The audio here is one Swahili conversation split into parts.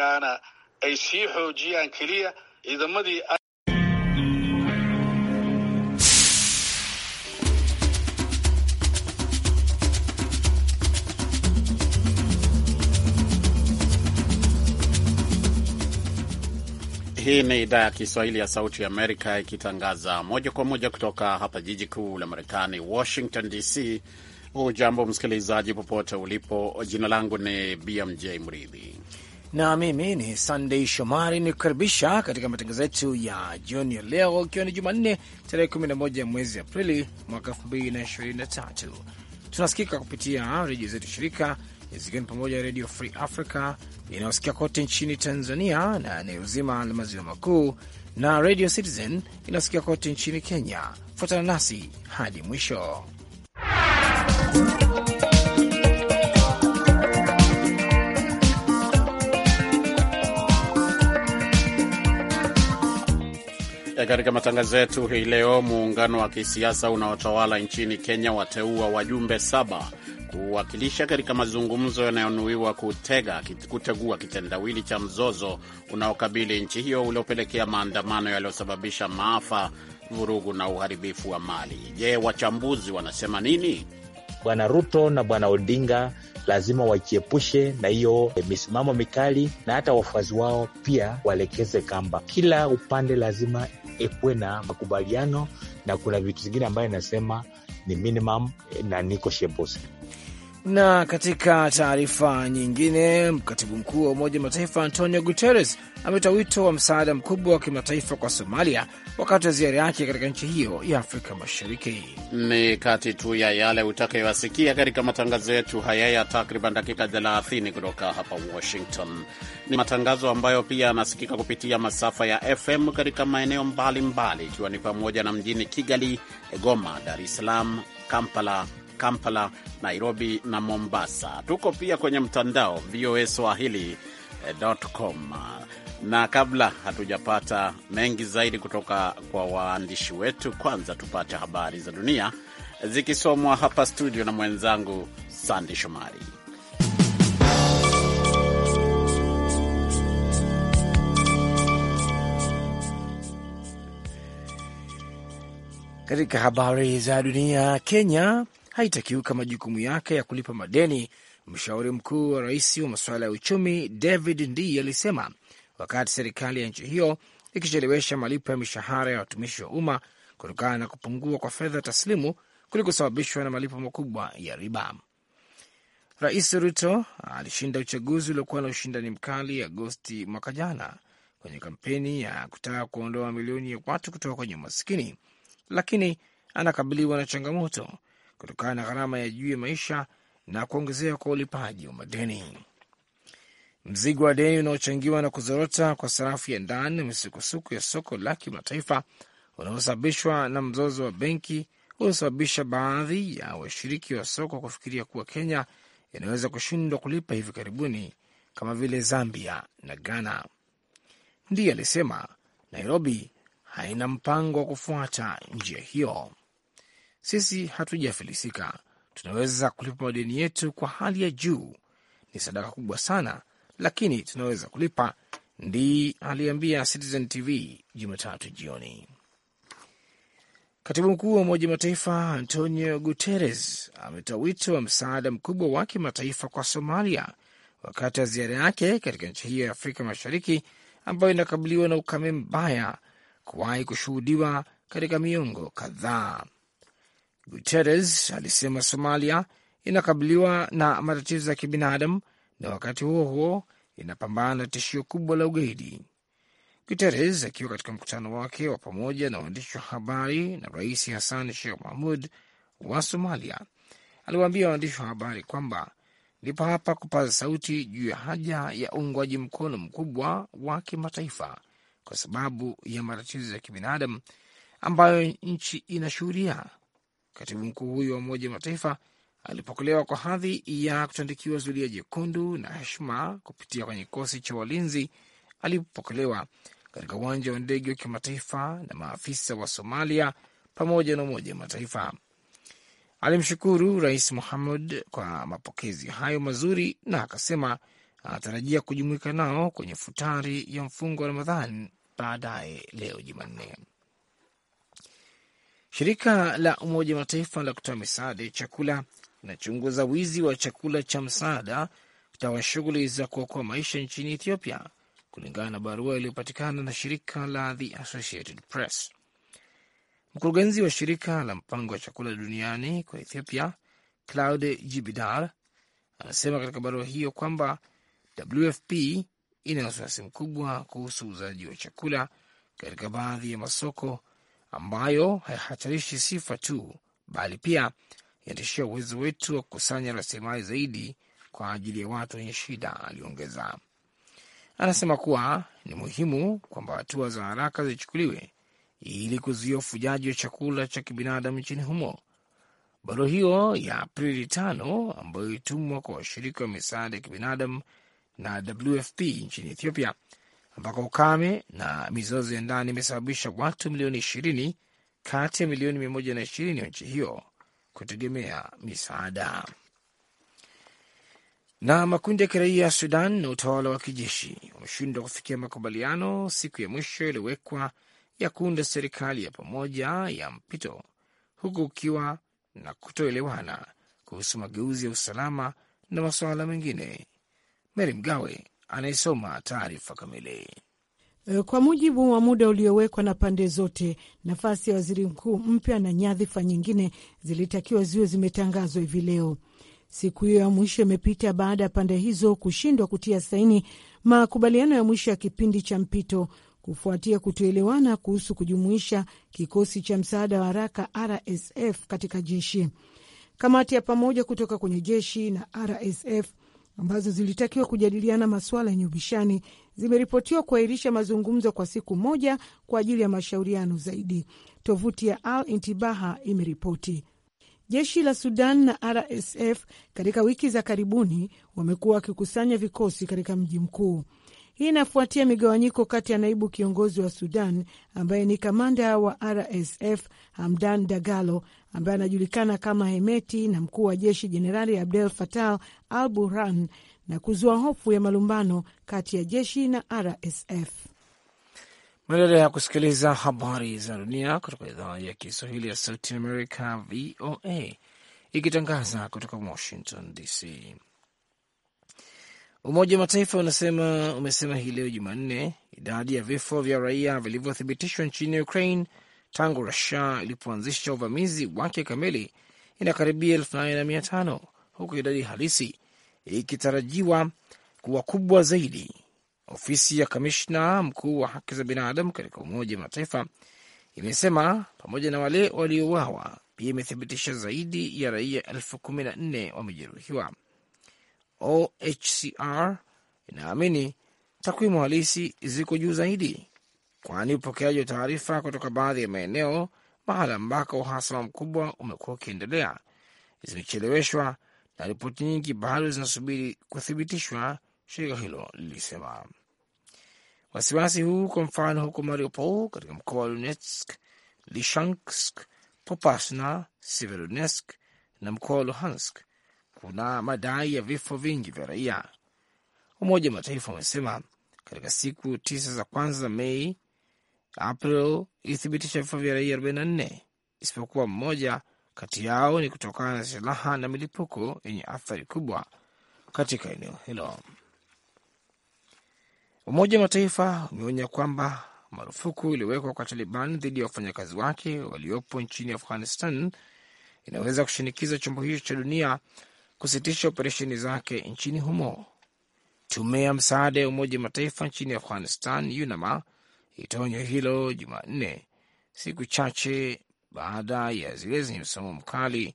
ay sii xoojiyaan keliya ciidamadii Hii ni idhaa ya Kiswahili ya Sauti ya Amerika ikitangaza moja kwa moja kutoka hapa jiji kuu la Marekani, Washington DC. Hujambo msikilizaji, popote ulipo. Jina langu ni BMJ Mridhi na mimi ni sandey Shomari ni kukaribisha katika matangazo yetu ya jioni ya leo, ikiwa ni Jumanne tarehe 11 mwezi Aprili mwaka 2023. Tunasikika kupitia redio zetu shirika zikiwa ni pamoja na Redio Free Africa inayosikia kote nchini Tanzania na eneo zima la maziwa makuu na Radio Citizen inayosikia kote nchini Kenya. Fuatana nasi hadi mwisho Katika matangazo yetu hii leo, muungano wa kisiasa unaotawala nchini Kenya wateua wajumbe saba kuwakilisha katika mazungumzo yanayonuiwa kutega kutegua kitendawili cha mzozo unaokabili nchi hiyo uliopelekea maandamano yaliyosababisha maafa, vurugu na uharibifu wa mali. Je, wachambuzi wanasema nini? Bwana Ruto na Bwana Odinga lazima wajiepushe na hiyo misimamo mikali, na hata wafuasi wao pia walekeze kamba. Kila upande lazima kuwe na makubaliano, na kuna vitu zingine ambayo inasema ni minimum eh, na negotiables. Na katika taarifa nyingine, mkatibu mkuu wa Umoja wa Mataifa Antonio Guterres ametoa wito wa msaada mkubwa wa kimataifa kwa Somalia wakati wa ziara yake katika nchi hiyo ya Afrika Mashariki. Ni kati tu ya yale utakayoyasikia katika matangazo yetu haya ya takriban dakika 30 kutoka hapa Washington. Ni matangazo ambayo pia yanasikika kupitia masafa ya FM katika maeneo mbalimbali, ikiwa ni pamoja na mjini Kigali, Goma, Dar es Salaam, Kampala Kampala, Nairobi na Mombasa. Tuko pia kwenye mtandao VOA Swahili.com, eh, na kabla hatujapata mengi zaidi kutoka kwa waandishi wetu, kwanza tupate habari za dunia zikisomwa hapa studio na mwenzangu Sandi Shomari. Katika habari za dunia, Kenya haitakiuka majukumu yake ya kulipa madeni. Mshauri mkuu wa rais wa masuala ya uchumi David Ndii alisema wakati serikali ya nchi hiyo ikichelewesha malipo ya mishahara ya watumishi wa umma kutokana na kupungua kwa fedha taslimu kulikosababishwa na malipo makubwa ya riba. Rais Ruto alishinda uchaguzi uliokuwa na ushindani mkali Agosti mwaka jana kwenye kampeni ya kutaka kuondoa mamilioni ya watu kutoka kwenye umaskini, lakini anakabiliwa na changamoto kutokana na gharama ya juu ya maisha na kuongezeka kwa ulipaji wa madeni. Mzigo wa deni unaochangiwa na kuzorota kwa sarafu ya ndani na misukosuko ya soko la kimataifa unaosababishwa na mzozo wa benki unaosababisha baadhi ya washiriki wa soko kufikiria kuwa Kenya inaweza kushindwa kulipa hivi karibuni kama vile Zambia na Ghana. Ndiye alisema Nairobi haina mpango wa kufuata njia hiyo. Sisi hatujafilisika, tunaweza kulipa madeni yetu kwa hali ya juu. Ni sadaka kubwa sana, lakini tunaweza kulipa, ndi aliambia Citizen TV Jumatatu jioni. Katibu mkuu wa Umoja Mataifa Antonio Guterres ametoa wito wa msaada mkubwa wa kimataifa kwa Somalia wakati wa ziara yake katika nchi hiyo ya Afrika Mashariki ambayo inakabiliwa na ukame mbaya kuwahi kushuhudiwa katika miongo kadhaa. Guterres alisema Somalia inakabiliwa na matatizo ya kibinadamu na wakati huo huo inapambana na tishio kubwa la ugaidi. Guterres akiwa katika mkutano wake wa pamoja na waandishi wa habari na Rais Hassan Sheikh Mahmud wa Somalia aliwaambia waandishi wa habari kwamba nipo hapa kupaza sauti juu ya haja ya uungwaji mkono mkubwa wa kimataifa kwa sababu ya matatizo ya kibinadamu ambayo nchi inashuhudia Katibu mkuu huyo wa Umoja wa Mataifa alipokelewa kwa hadhi ya kutandikiwa zulia jekundu na heshima kupitia kwenye kikosi cha walinzi. alipopokelewa katika uwanja wa ndege wa kimataifa na maafisa wa Somalia pamoja na Umoja wa Mataifa. Alimshukuru Rais Muhamud kwa mapokezi hayo mazuri na akasema anatarajia kujumuika nao kwenye futari ya mfungo wa Ramadhan baadaye leo Jumanne. Shirika la Umoja Mataifa la kutoa misaada ya chakula linachunguza wizi wa chakula cha msaada tawa shughuli za kuokoa maisha nchini Ethiopia, kulingana na barua iliyopatikana na shirika la The Associated Press. Mkurugenzi wa shirika la mpango wa chakula duniani kwa Ethiopia, Claude Jibidar, anasema katika barua hiyo kwamba WFP ina wasiwasi mkubwa kuhusu uuzaji wa chakula katika baadhi ya masoko ambayo haihatarishi sifa tu, bali pia yatishia uwezo wetu wa kukusanya rasilimali zaidi kwa ajili ya watu wenye shida, aliongeza. Anasema kuwa ni muhimu kwamba hatua za haraka zichukuliwe ili kuzuia ufujaji wa chakula cha kibinadamu nchini humo. Barua hiyo ya Aprili tano ambayo ilitumwa kwa washirika wa misaada ya kibinadamu na WFP nchini Ethiopia ambako ukame na mizozo ya ndani imesababisha watu milioni ishirini kati ya milioni mia moja na ishirini ya nchi hiyo kutegemea misaada. Na makundi ya kiraia ya Sudan na utawala wa kijeshi wameshindwa kufikia makubaliano siku ya mwisho yaliyowekwa ya kuunda serikali ya pamoja ya mpito, huku ukiwa na kutoelewana kuhusu mageuzi ya usalama na masuala mengine. Meri Mgawe anayesoma taarifa kamili. E, kwa mujibu wa muda uliowekwa na pande zote, nafasi ya waziri mkuu mpya na nyadhifa nyingine zilitakiwa ziwe zimetangazwa hivi leo. Siku hiyo ya mwisho imepita baada ya pande hizo kushindwa kutia saini makubaliano ya mwisho ya kipindi cha mpito kufuatia kutoelewana kuhusu kujumuisha kikosi cha msaada wa haraka RSF katika jeshi. Kamati ya pamoja kutoka kwenye jeshi na RSF ambazo zilitakiwa kujadiliana masuala yenye ubishani zimeripotiwa kuahirisha mazungumzo kwa siku moja kwa ajili ya mashauriano zaidi, tovuti ya Al Intibaha imeripoti. Jeshi la Sudan na RSF katika wiki za karibuni wamekuwa wakikusanya vikosi katika mji mkuu. Hii inafuatia migawanyiko kati ya naibu kiongozi wa Sudan ambaye ni kamanda wa RSF Hamdan Dagalo ambaye anajulikana kama Hemeti na mkuu wa jeshi Jenerali Abdel fatal al Burhan na kuzua hofu ya malumbano kati ya jeshi na RSF. Mnaendelea kusikiliza habari za dunia kutoka idhaa ya Kiswahili ya Sauti Amerika, VOA, ikitangaza kutoka Washington DC. Umoja wa Mataifa unasema umesema hii leo Jumanne idadi ya vifo vya raia vilivyothibitishwa nchini Ukraine tangu Rusia ilipoanzisha uvamizi wake kamili inakaribia elfu nane na mia tano huku idadi halisi ikitarajiwa kuwa kubwa zaidi. Ofisi ya kamishna mkuu wa haki za binadamu katika Umoja wa Mataifa imesema pamoja na wale waliouawa pia imethibitisha zaidi ya raia elfu kumi na nne wamejeruhiwa. OHCR inaamini takwimu halisi ziko juu zaidi kwani upokeaji wa taarifa kutoka baadhi ya maeneo mahala ambako uhasama mkubwa umekuwa ukiendelea zimecheleweshwa na ripoti nyingi bado zinasubiri kuthibitishwa, shirika hilo lilisema. Wasiwasi huu kwa mfano huko Mariupol katika mkoa wa Donetsk, Lishansk, Popasna, Severodonetsk na mkoa wa Luhansk kuna madai ya vifo vingi vya raia. Umoja wa Mataifa umesema katika siku tisa za kwanza za Mei April ilithibitisha vifo vya raia 44 isipokuwa mmoja kati yao ni kutokana na silaha na milipuko yenye athari kubwa katika eneo hilo. Umoja wa Mataifa umeonya kwamba marufuku iliyowekwa kwa Taliban dhidi ya wafanyakazi wake waliopo nchini Afghanistan inaweza kushinikiza chombo hicho cha dunia kusitisha operesheni zake nchini humo. Tume ya msaada ya Umoja wa Mataifa nchini Afghanistan, YUNAMA, ilitoa hilo Jumanne, siku chache baada ya zile zenye msimamo mkali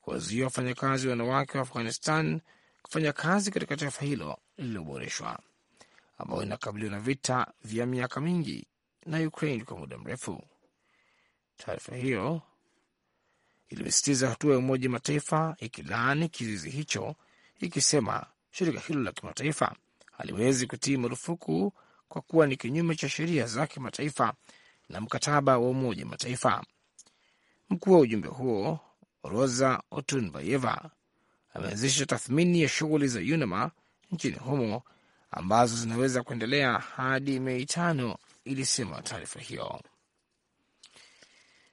kuwazuia wafanyakazi wanawake wa Afghanistan kufanya kazi katika taifa hilo lililoboreshwa ambayo inakabiliwa na vita vya miaka mingi na Ukraine kwa muda mrefu. Taarifa hiyo ilimesitiza hatua ya Umoja Mataifa ikilaani kizuizi hicho, ikisema shirika hilo la kimataifa haliwezi kutii marufuku kwa kuwa ni kinyume cha sheria za kimataifa na mkataba wa Umoja Mataifa. Mkuu wa ujumbe huo Rosa Otunbayeva ameanzisha tathmini ya shughuli za UNAMA nchini humo ambazo zinaweza kuendelea hadi Mei tano, ilisema taarifa hiyo.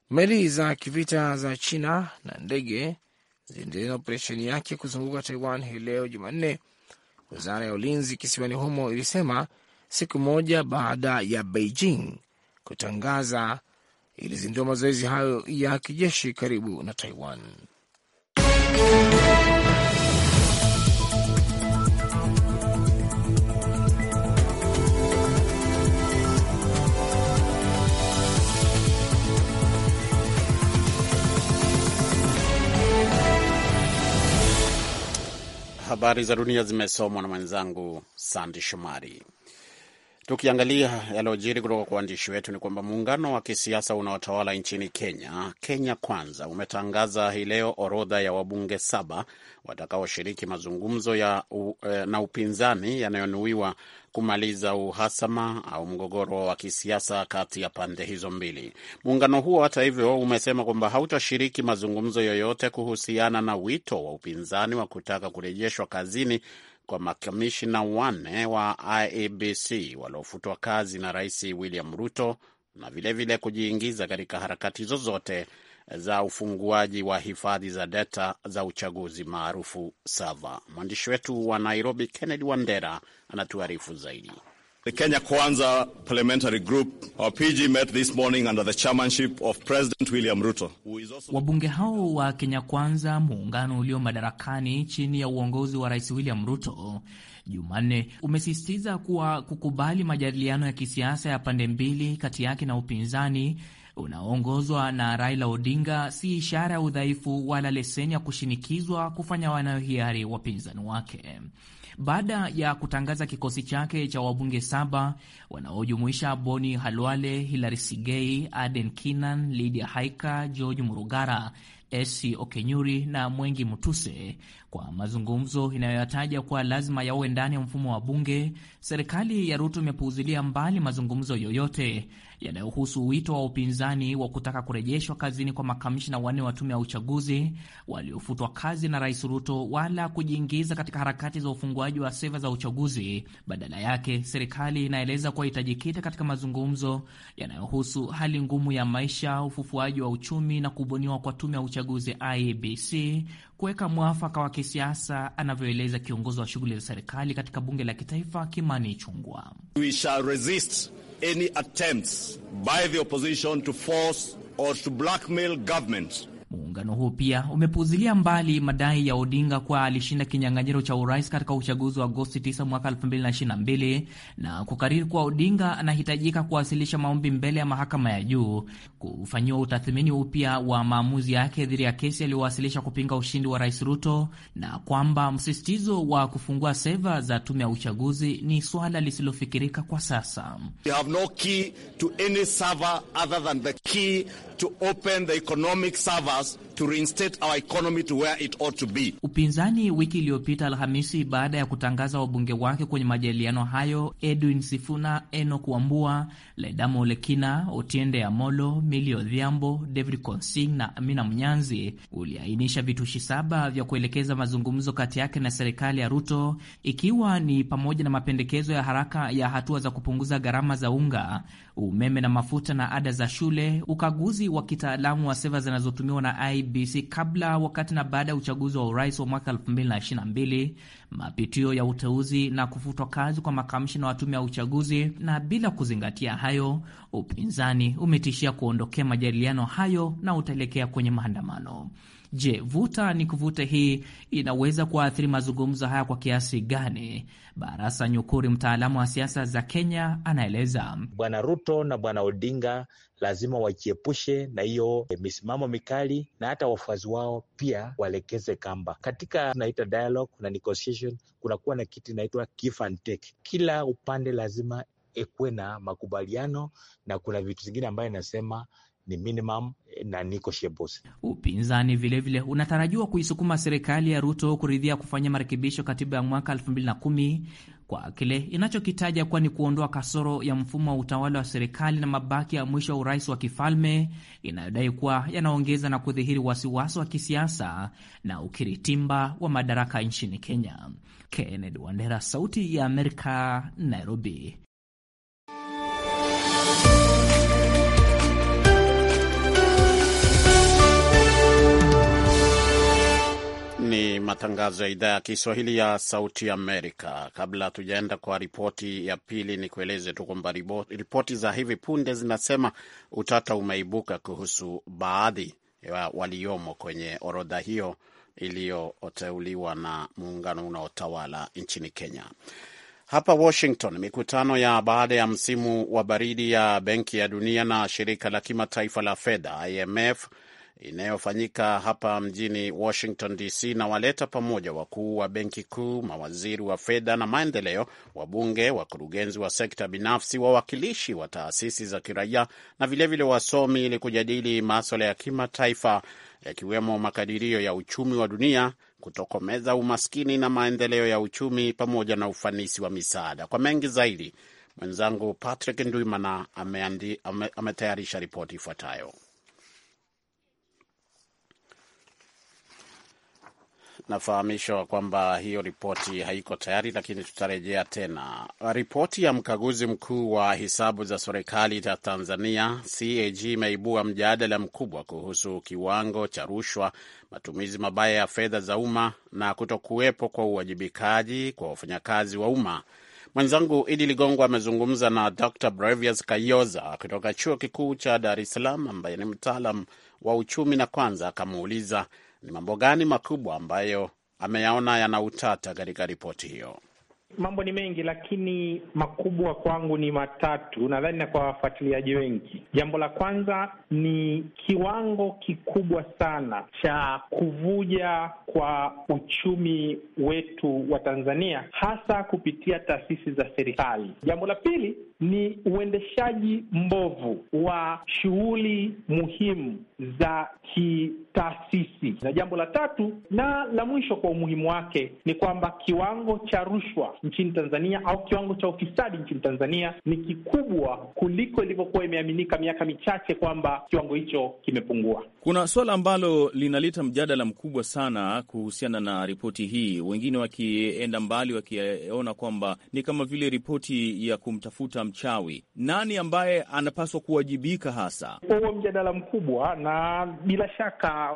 Meli za kivita za China na ndege ziendelea na operesheni yake kuzunguka Taiwan hii leo Jumanne, wizara ya ulinzi kisiwani humo ilisema siku moja baada ya Beijing kutangaza ilizindua mazoezi hayo ya kijeshi karibu na Taiwan. Habari za dunia zimesomwa na mwenzangu Sandi Shomari. Tukiangalia yaliyojiri kutoka kwa waandishi wetu ni kwamba muungano wa kisiasa unaotawala nchini Kenya, Kenya Kwanza, umetangaza hii leo orodha ya wabunge saba watakaoshiriki mazungumzo ya, u, eh, na upinzani yanayonuiwa kumaliza uhasama au mgogoro wa kisiasa kati ya pande hizo mbili. Muungano huo hata hivyo umesema kwamba hautashiriki mazungumzo yoyote kuhusiana na wito wa upinzani wa kutaka kurejeshwa kazini kwa makamishina wanne wa IEBC waliofutwa kazi na Rais William Ruto na vilevile vile kujiingiza katika harakati zozote za ufunguaji wa hifadhi za data za uchaguzi maarufu sava. Mwandishi wetu wa Nairobi, Kennedy Wandera, anatuarifu zaidi. The Kenya Kwanza Parliamentary Group, or PG met this morning under the chairmanship of President William Ruto. Wabunge hao wa Kenya Kwanza, muungano ulio madarakani chini ya uongozi wa Rais William Ruto, Jumanne umesisitiza kuwa kukubali majadiliano ya kisiasa ya pande mbili kati yake na upinzani unaoongozwa na Raila Odinga si ishara ya udhaifu wala leseni ya kushinikizwa kufanya wanayohiari wapinzani wake baada ya kutangaza kikosi chake cha wabunge saba wanaojumuisha Boni Halwale, Hilary Sigei, Aden Kinan, Lydia Haika, George Murugara, Esi Okenyuri na Mwengi Mutuse kwa mazungumzo inayoyataja kuwa lazima yawe ndani ya mfumo wa bunge. Serikali ya Ruto imepuuzilia mbali mazungumzo yoyote yanayohusu wito wa upinzani wa kutaka kurejeshwa kazini kwa makamishina wanne wa tume ya uchaguzi waliofutwa kazi na Rais Ruto, wala kujiingiza katika harakati za ufunguaji wa seva za uchaguzi. Badala yake, serikali inaeleza kuwa itajikita katika mazungumzo yanayohusu hali ngumu ya maisha, ufufuaji wa uchumi na kubuniwa kwa tume ya uchaguzi IEBC kuweka mwafaka wa kisiasa, anavyoeleza kiongozi wa shughuli za serikali katika bunge la kitaifa Kimani Ichung'wah. We shall resist any attempts by the opposition to force or to blackmail government Muungano huo pia umepuzilia mbali madai ya Odinga kuwa alishinda kinyang'anyiro cha urais katika uchaguzi wa Agosti 9 mwaka 2022 na kukariri kuwa Odinga anahitajika kuwasilisha maombi mbele ya mahakama ya juu kufanyiwa utathmini upya wa maamuzi yake dhidi ya kesi aliyowasilisha kupinga ushindi wa Rais Ruto na kwamba msisitizo wa kufungua seva za tume ya uchaguzi ni swala lisilofikirika kwa sasa. We us to reinstate our economy to where it ought to be. Upinzani wiki iliyopita Alhamisi, baada ya kutangaza wabunge wake kwenye majadiliano hayo, Edwin Sifuna, enok Wambua, Ledamo Olekina, Otiende Amolo, mili Odhiambo, David consing na Amina Mnyanzi, uliainisha vitushi saba vya kuelekeza mazungumzo kati yake na serikali ya Ruto, ikiwa ni pamoja na mapendekezo ya haraka ya hatua za kupunguza gharama za unga, umeme na mafuta na ada za shule, ukaguzi wa kitaalamu wa seva zinazotumiwa na IBC kabla, wakati na baada ya uchaguzi wa urais wa mwaka mapitio ya uteuzi na kufutwa kazi kwa makamishina wa tume ya uchaguzi, na bila kuzingatia hayo, upinzani umetishia kuondokea majadiliano hayo na utaelekea kwenye maandamano. Je, vuta ni kuvuta hii inaweza kuathiri mazungumzo haya kwa kiasi gani? Barasa Nyukuri, mtaalamu wa siasa za Kenya, anaeleza. Bwana Ruto na Bwana Odinga lazima wajiepushe na hiyo e, misimamo mikali, na hata wafuazi wao pia walekeze kamba katika tunaita dialogue na negotiation negotiation, kunakuwa na kitu inaitwa give and take. Kila upande lazima ikuwe na makubaliano, na kuna vitu zingine ambayo inasema ni minimum eh, na negotiables. Upinzani vilevile vile unatarajiwa kuisukuma serikali ya Ruto kuridhia kufanya marekebisho katiba ya mwaka kumi kwa kile inachokitaja kuwa ni kuondoa kasoro ya mfumo wa utawala wa serikali na mabaki ya mwisho wa urais wa kifalme inayodai kuwa yanaongeza na kudhihiri wasiwasi wa kisiasa na ukiritimba wa madaraka nchini Kenya. Kennedy Wandera, Sauti ya Amerika, Nairobi. ni matangazo ya idhaa ya Kiswahili ya Sauti Amerika. Kabla hatujaenda kwa ripoti ya pili, ni kueleze tu kwamba ripoti za hivi punde zinasema utata umeibuka kuhusu baadhi ya waliomo kwenye orodha hiyo iliyoteuliwa na muungano unaotawala nchini Kenya. Hapa Washington, mikutano ya baada ya msimu wa baridi ya Benki ya Dunia na Shirika la Kimataifa la Fedha IMF inayofanyika hapa mjini Washington DC inawaleta pamoja wakuu wa benki kuu, mawaziri wa fedha na maendeleo, wabunge, wakurugenzi wa sekta binafsi, wawakilishi wa taasisi za kiraia na vilevile wasomi ili kujadili maswala ya kimataifa yakiwemo makadirio ya uchumi wa dunia, kutokomeza umaskini na maendeleo ya uchumi pamoja na ufanisi wa misaada. Kwa mengi zaidi, mwenzangu Patrick Ndwimana ametayarisha ame, ame ripoti ifuatayo. nafahamishwa kwamba hiyo ripoti haiko tayari, lakini tutarejea tena. Ripoti ya mkaguzi mkuu wa hesabu za serikali ya Tanzania CAG imeibua mjadala mkubwa kuhusu kiwango cha rushwa, matumizi mabaya ya fedha za umma na kutokuwepo kwa uwajibikaji kwa wafanyakazi wa umma. Mwenzangu Idi Ligongo amezungumza na Dr Brevius Kayoza kutoka chuo kikuu cha Dar es Salaam, ambaye ni mtaalam wa uchumi, na kwanza akamuuliza ni mambo gani makubwa ambayo ameyaona yana utata katika ripoti hiyo? Mambo ni mengi, lakini makubwa kwangu ni matatu, nadhani na kwa wafuatiliaji wengi. Jambo la kwanza ni kiwango kikubwa sana cha kuvuja kwa uchumi wetu wa Tanzania, hasa kupitia taasisi za serikali. Jambo la pili ni uendeshaji mbovu wa shughuli muhimu za kitaasisi, na jambo la tatu na la mwisho kwa umuhimu wake ni kwamba kiwango cha rushwa nchini Tanzania au kiwango cha ufisadi nchini Tanzania ni kikubwa kuliko ilivyokuwa imeaminika miaka michache kwamba kiwango hicho kimepungua. Kuna suala ambalo linaleta mjadala mkubwa sana kuhusiana na ripoti hii, wengine wakienda mbali wakiona kwamba ni kama vile ripoti ya kumtafuta mchawi. Nani ambaye anapaswa kuwajibika hasa? Huo mjadala mkubwa, na bila shaka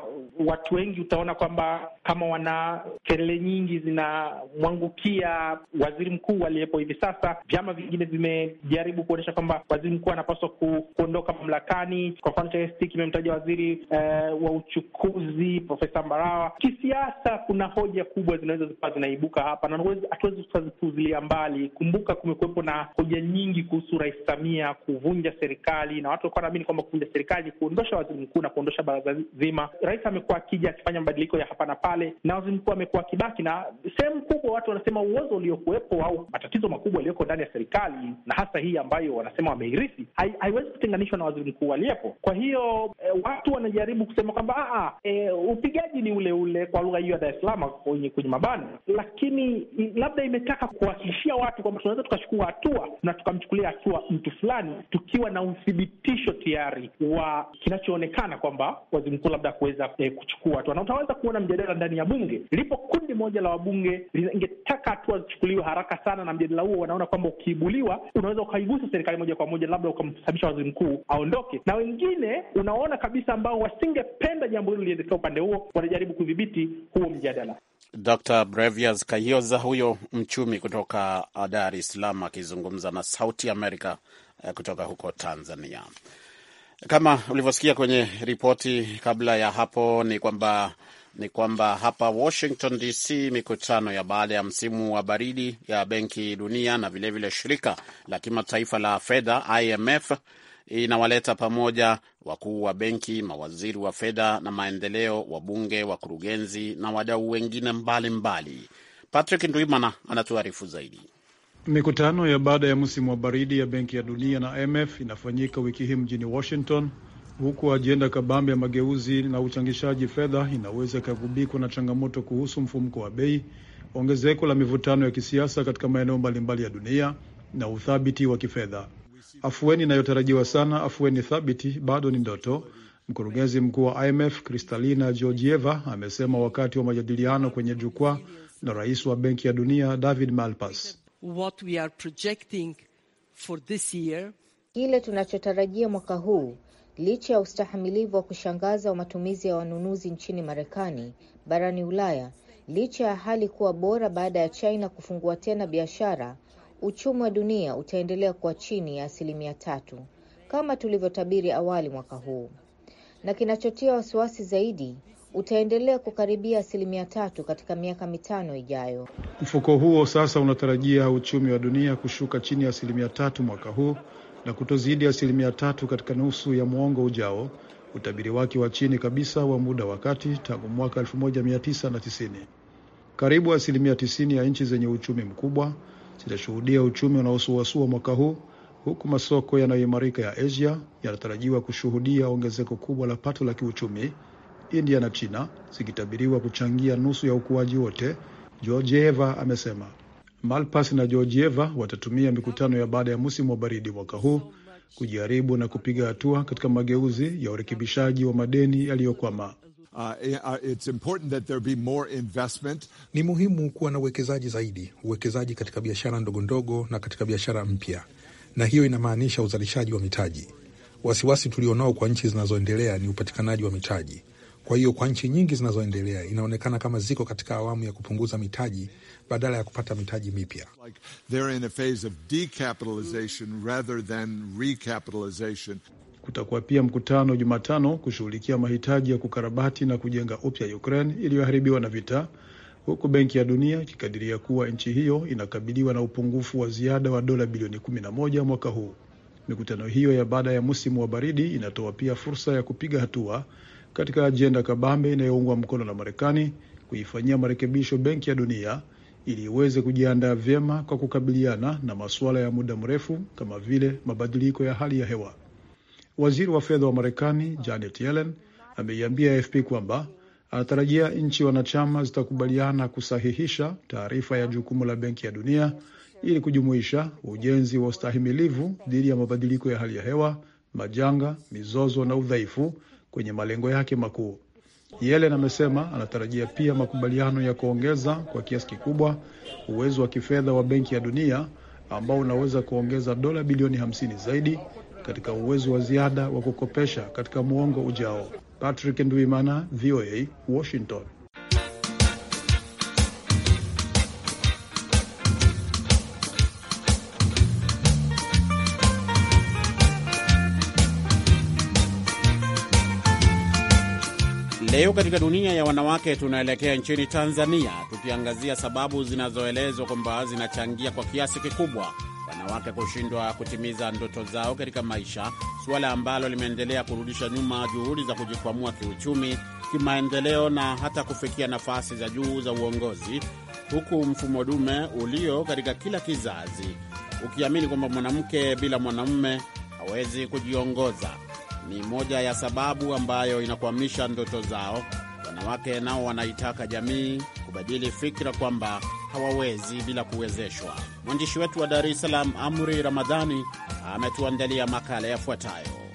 watu wengi utaona kwamba kama wana kelele nyingi zinamwangukia waziri mkuu aliyepo hivi sasa. Vyama vingine vimejaribu kuonyesha kwamba waziri mkuu anapaswa ku, kuondoka mamlakani. Kwa mfano CHT kimemtaja waziri eh, wa uchukuzi Profesa Mbarawa. Kisiasa kuna hoja kubwa zinaweza zikawa zinaibuka hapa na hatuwezi tukazipuuzilia mbali. Kumbuka kumekuwepo na hoja nyingi kuhusu Rais Samia kuvunja serikali na watu walikuwa naamini kwamba kuvunja serikali ni kuondosha waziri mkuu na kuondosha baraza zima. Rais amekuwa akija akifanya mabadiliko ya hapa na pale, na waziri mkuu amekuwa akibaki, na sehemu kubwa watu wanasema uozo ulio uwepo au matatizo makubwa yaliyoko ndani ya serikali na hasa hii ambayo wanasema wameirithi haiwezi kutenganishwa na waziri mkuu aliyepo. Kwa hiyo e, watu wanajaribu kusema kwamba e, upigaji ni ule ule kwa lugha hiyo ya Dar es Salaam kwenye kwenye mabano, lakini labda imetaka kuwahakikishia watu kwamba tunaweza tukachukua hatua na tukamchukulia hatua mtu fulani tukiwa na uthibitisho tayari wa kinachoonekana kwamba waziri mkuu labda kuweza e, eh, kuchukua hatua, na utaweza kuona mjadala ndani ya bunge, lipo kundi moja la wabunge lingetaka hatua zichukuliwe unachukuliwa haraka sana, na mjadala huo wanaona kwamba ukiibuliwa unaweza ukaigusa serikali moja kwa moja, labda ukamsababisha waziri mkuu aondoke, na wengine unaona kabisa ambao wasingependa jambo hilo liendekea upande huo wanajaribu kudhibiti huo mjadala. Dr. Brevias Kahioza huyo mchumi kutoka uh, Dar es Salaam akizungumza na Sauti Amerika uh, kutoka huko Tanzania. Kama ulivyosikia kwenye ripoti kabla ya hapo, ni kwamba ni kwamba hapa Washington DC, mikutano ya baada ya msimu wa baridi ya Benki Dunia na vilevile vile shirika la kimataifa la fedha IMF inawaleta pamoja wakuu wa benki, mawaziri wa fedha na maendeleo, wabunge, wakurugenzi na wadau wengine mbalimbali mbali. Patrick Ndwimana anatuarifu zaidi. Mikutano ya baada ya msimu wa baridi ya Benki ya Dunia na IMF inafanyika wiki hii mjini Washington huku ajenda kabambe ya mageuzi na uchangishaji fedha inaweza ikagubikwa na changamoto kuhusu mfumko wa bei, ongezeko la mivutano ya kisiasa katika maeneo mbalimbali ya dunia na uthabiti wa kifedha. Afueni inayotarajiwa sana, afueni thabiti, bado ni ndoto, mkurugenzi mkuu wa IMF Kristalina Georgieva amesema wakati wa majadiliano kwenye jukwaa na rais wa Benki ya Dunia David Malpass. What we are projecting for this year, kile tunachotarajia mwaka huu Licha ya ustahamilivu wa kushangaza wa matumizi ya wanunuzi nchini Marekani, barani Ulaya, licha ya hali kuwa bora baada ya China kufungua tena biashara, uchumi wa dunia utaendelea kuwa chini ya asilimia tatu kama tulivyotabiri awali mwaka huu, na kinachotia wasiwasi zaidi, utaendelea kukaribia asilimia tatu katika miaka mitano ijayo. Mfuko huo sasa unatarajia uchumi wa dunia kushuka chini ya asilimia tatu mwaka huu na kutozidi asilimia tatu katika nusu ya mwongo ujao, utabiri wake wa chini kabisa wa muda wa kati tangu mwaka 1990. Karibu asilimia 90 ya nchi zenye uchumi mkubwa zitashuhudia uchumi unaosuasua mwaka huu, huku masoko yanayoimarika ya Asia yanatarajiwa kushuhudia ongezeko kubwa la pato la kiuchumi, India na China zikitabiriwa kuchangia nusu ya ukuaji wote, Georgieva amesema. Malpas na Georgieva watatumia mikutano ya baada ya msimu wa baridi mwaka huu kujaribu na kupiga hatua katika mageuzi ya urekebishaji wa madeni yaliyokwama. Uh, eh, uh Ni muhimu kuwa na uwekezaji zaidi, uwekezaji katika biashara ndogo ndogo na katika biashara mpya, na hiyo inamaanisha uzalishaji wa mitaji. Wasiwasi tulionao kwa nchi zinazoendelea ni upatikanaji wa mitaji. Kwa hiyo kwa nchi nyingi zinazoendelea inaonekana kama ziko katika awamu ya kupunguza mitaji badala ya kupata mitaji mipya. Kutakuwa pia mkutano Jumatano kushughulikia mahitaji ya kukarabati na kujenga upya Ukraine iliyoharibiwa na vita, huku Benki ya Dunia ikikadiria kuwa nchi hiyo inakabiliwa na upungufu wa ziada wa dola bilioni 11 mwaka huu. Mikutano hiyo ya baada ya msimu wa baridi inatoa pia fursa ya kupiga hatua katika ajenda kabambe inayoungwa mkono na Marekani kuifanyia marekebisho Benki ya Dunia ili iweze kujiandaa vyema kwa kukabiliana na masuala ya muda mrefu kama vile mabadiliko ya hali ya hewa. Waziri wa fedha wa Marekani Janet Yellen ameiambia AFP kwamba anatarajia nchi wanachama zitakubaliana kusahihisha taarifa ya jukumu la Benki ya Dunia ili kujumuisha ujenzi wa ustahimilivu dhidi ya mabadiliko ya hali ya hewa, majanga, mizozo na udhaifu kwenye malengo yake makuu. Yellen amesema anatarajia pia makubaliano ya kuongeza kwa kiasi kikubwa uwezo wa kifedha wa Benki ya Dunia ambao unaweza kuongeza dola bilioni 50 zaidi katika uwezo wa ziada wa kukopesha katika muongo ujao. Patrick Ndwimana, VOA, Washington. Leo katika dunia ya wanawake, tunaelekea nchini Tanzania tukiangazia sababu zinazoelezwa kwamba zinachangia kwa kiasi kikubwa wanawake kushindwa kutimiza ndoto zao katika maisha, suala ambalo limeendelea kurudisha nyuma juhudi za kujikwamua kiuchumi, kimaendeleo na hata kufikia nafasi za juu za uongozi, huku mfumo dume ulio katika kila kizazi ukiamini kwamba mwanamke bila mwanamume hawezi kujiongoza ni moja ya sababu ambayo inakwamisha ndoto zao. Wanawake nao wanaitaka jamii kubadili fikra kwamba hawawezi bila kuwezeshwa. Mwandishi wetu wa Dar es Salaam, Amri Ramadhani, ametuandalia makala yafuatayo.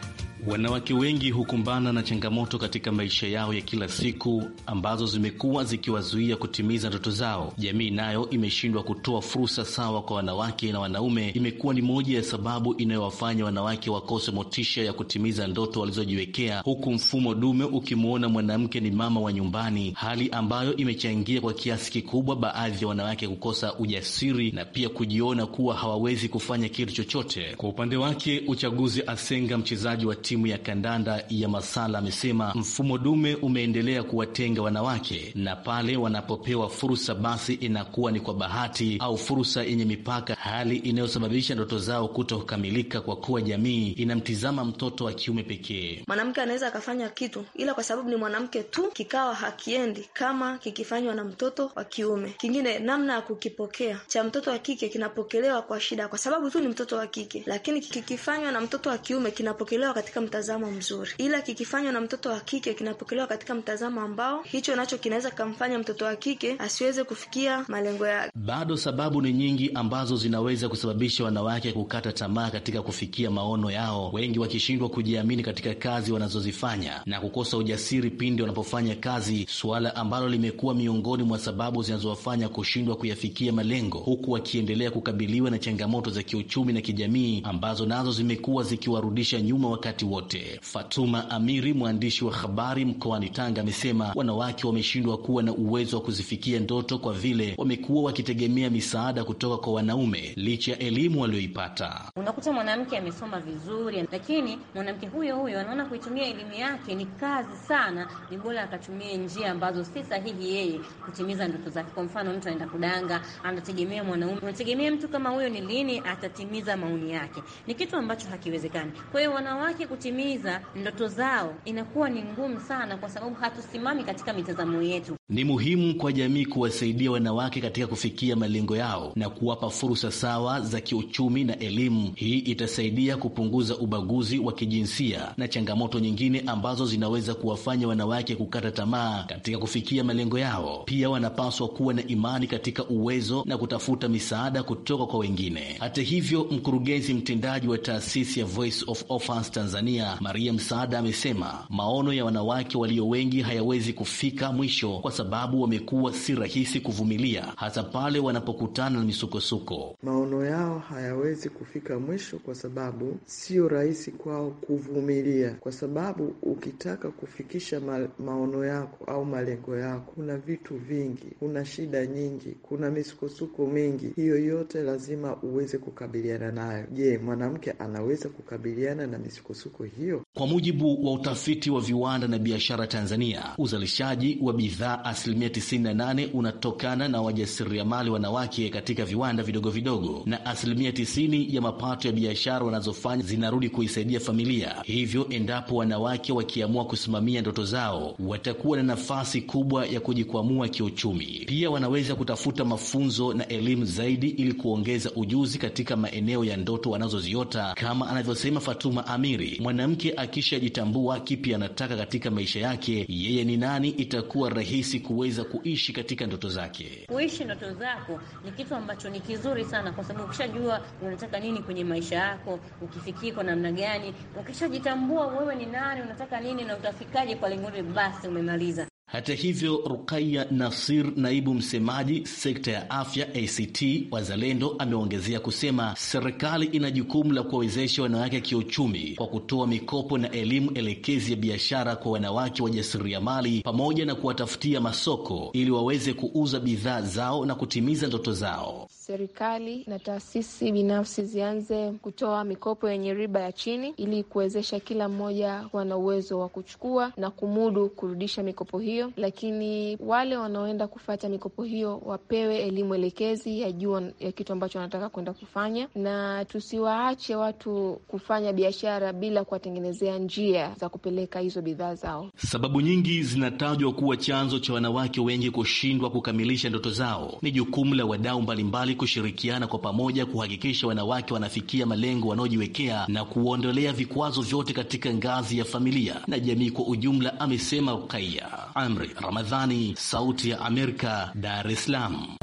Wanawake wengi hukumbana na changamoto katika maisha yao ya kila siku ambazo zimekuwa zikiwazuia kutimiza ndoto zao. Jamii nayo imeshindwa kutoa fursa sawa kwa wanawake na wanaume, imekuwa ni moja ya sababu inayowafanya wanawake wakose motisha ya kutimiza ndoto walizojiwekea, huku mfumo dume ukimwona mwanamke ni mama wa nyumbani, hali ambayo imechangia kwa kiasi kikubwa baadhi ya wanawake kukosa ujasiri na pia kujiona kuwa hawawezi kufanya kitu chochote. Kwa upande wake, uchaguzi Asenga, mchezaji wa timu ya kandanda ya Masala amesema mfumo dume umeendelea kuwatenga wanawake, na pale wanapopewa fursa basi inakuwa ni kwa bahati au fursa yenye mipaka, hali inayosababisha ndoto zao kutokamilika, kwa kuwa jamii inamtizama mtoto wa kiume pekee. Mwanamke anaweza akafanya kitu, ila kwa sababu ni mwanamke tu kikawa hakiendi kama kikifanywa na mtoto wa kiume. Kingine namna ya kukipokea, cha mtoto wa kike kinapokelewa kwa shida, kwa sababu tu ni mtoto wa kike, lakini kikifanywa na mtoto wa kiume kinapokelewa katika mtazamo mzuri, ila kikifanywa na mtoto wa kike kinapokelewa katika mtazamo ambao hicho nacho kinaweza kamfanya mtoto wa kike asiweze kufikia malengo yake. Bado sababu ni nyingi ambazo zinaweza kusababisha wanawake kukata tamaa katika kufikia maono yao, wengi wakishindwa kujiamini katika kazi wanazozifanya na kukosa ujasiri pindi wanapofanya kazi, suala ambalo limekuwa miongoni mwa sababu zinazowafanya kushindwa kuyafikia malengo, huku wakiendelea kukabiliwa na changamoto za kiuchumi na kijamii ambazo nazo zimekuwa zikiwarudisha nyuma wakati wote. Fatuma Amiri, mwandishi wa habari mkoani Tanga, amesema wanawake wameshindwa kuwa na uwezo wa kuzifikia ndoto kwa vile wamekuwa wakitegemea misaada kutoka kwa wanaume licha ya elimu walioipata. Unakuta mwanamke amesoma vizuri, lakini mwanamke huyo huyo anaona kuitumia elimu yake ni kazi sana, ni bora akatumie njia ambazo si sahihi yeye kutimiza ndoto zake. Kwa mfano, mtu anaenda kudanga, anategemea mwanaume, unategemea mtu kama huyo ni lini atatimiza maoni yake? Ni kitu ambacho hakiwezekani. Kwa hiyo wanawake kutimiza ndoto zao inakuwa ni ngumu sana, kwa sababu hatusimami katika mitazamo yetu. Ni muhimu kwa jamii kuwasaidia wanawake katika kufikia malengo yao na kuwapa fursa sawa za kiuchumi na elimu. Hii itasaidia kupunguza ubaguzi wa kijinsia na changamoto nyingine ambazo zinaweza kuwafanya wanawake kukata tamaa katika kufikia malengo yao. Pia wanapaswa kuwa na imani katika uwezo na kutafuta misaada kutoka kwa wengine. Hata hivyo, mkurugenzi mtendaji wa taasisi ya Voice of Orphans Tanzania Tanzania Maria Msaada amesema maono ya wanawake walio wengi hayawezi kufika mwisho kwa sababu wamekuwa si rahisi kuvumilia, hata pale wanapokutana na misukosuko. Maono yao hayawezi kufika mwisho kwa sababu sio rahisi kwao kuvumilia, kwa sababu ukitaka kufikisha ma maono yako au malengo yako, kuna vitu vingi, kuna shida nyingi, kuna misukosuko mingi. Hiyo yote lazima uweze kukabiliana nayo. Je, mwanamke anaweza kukabiliana na misukosuko siku hiyo. Kwa mujibu wa utafiti wa viwanda na biashara Tanzania, uzalishaji wa bidhaa asilimia 98 unatokana na wajasiriamali wanawake katika viwanda vidogo vidogo, na asilimia 90 ya mapato ya biashara wanazofanya zinarudi kuisaidia familia. Hivyo endapo wanawake wakiamua kusimamia ndoto zao, watakuwa na nafasi kubwa ya kujikwamua kiuchumi. Pia wanaweza kutafuta mafunzo na elimu zaidi ili kuongeza ujuzi katika maeneo ya ndoto wanazoziota, kama anavyosema Fatuma Amiri, Mwanamke akishajitambua kipi anataka katika maisha yake, yeye ni nani, itakuwa rahisi kuweza kuishi katika ndoto zake. Kuishi ndoto zako ni kitu ambacho ni kizuri sana, kwa sababu ukishajua unataka nini kwenye maisha yako, ukifikia kwa namna gani, ukishajitambua wewe ni nani, unataka nini na utafikaje kwa lengo basi umemaliza. Hata hivyo, Rukaya Nasir, naibu msemaji sekta ya afya ACT Wazalendo, ameongezea kusema serikali ina jukumu la kuwawezesha wanawake kiuchumi kwa kutoa mikopo na elimu elekezi ya biashara kwa wanawake wajasiriamali pamoja na kuwatafutia masoko ili waweze kuuza bidhaa zao na kutimiza ndoto zao serikali na taasisi binafsi zianze kutoa mikopo yenye riba ya chini ili kuwezesha kila mmoja kuwa na uwezo wa kuchukua na kumudu kurudisha mikopo hiyo, lakini wale wanaoenda kufata mikopo hiyo wapewe elimu elekezi ya juu ya kitu ambacho wanataka kwenda kufanya, na tusiwaache watu kufanya biashara bila kuwatengenezea njia za kupeleka hizo bidhaa zao. Sababu nyingi zinatajwa kuwa chanzo cha wanawake wengi kushindwa kukamilisha ndoto zao. Ni jukumu la wadau mbalimbali tayari kushirikiana kwa pamoja kuhakikisha wanawake wanafikia malengo wanaojiwekea na kuondolea vikwazo vyote katika ngazi ya familia na jamii kwa ujumla, amesema Rukaiya Amri Ramadhani, Sauti ya Amerika, Dar es Salaam.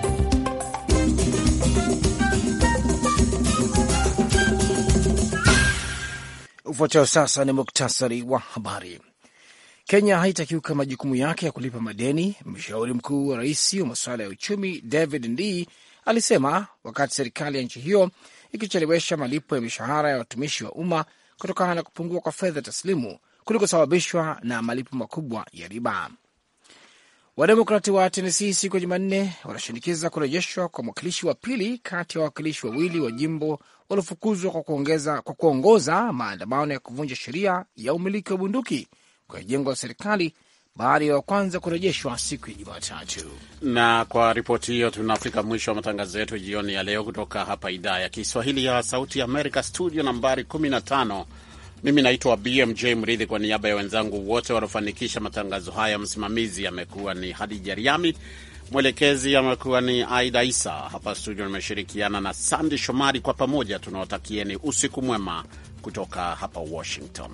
Ufuatao sasa ni muktasari wa habari. Kenya haitakiuka majukumu yake ya kulipa madeni. Mshauri mkuu wa rais wa masuala ya uchumi David Ndii alisema wakati serikali ya nchi hiyo ikichelewesha malipo ya mishahara ya watumishi wa umma kutokana na kupungua kwa fedha taslimu kulikosababishwa na malipo makubwa ya riba. Wademokrati wa Tennessee siku ya Jumanne wanashinikiza kurejeshwa kwa mwakilishi wa pili kati ya wawakilishi wawili wa jimbo waliofukuzwa kwa kuongeza kwa kuongoza maandamano ya kuvunja sheria ya umiliki wa bunduki kwenye jengo la serikali baada ya wa kwanza kurejeshwa siku ya Jumatatu. Na kwa ripoti hiyo, tunafika mwisho wa matangazo yetu jioni ya leo kutoka hapa idhaa ya Kiswahili ya Sauti ya Amerika, studio nambari 15. Mimi naitwa BMJ Mridhi, kwa niaba ya wenzangu wote wanaofanikisha matangazo haya. Msimamizi amekuwa ni Hadija Riami, mwelekezi amekuwa ni Aida Isa. Hapa studio nimeshirikiana na Sandi Shomari. Kwa pamoja tunawatakieni usiku mwema kutoka hapa Washington.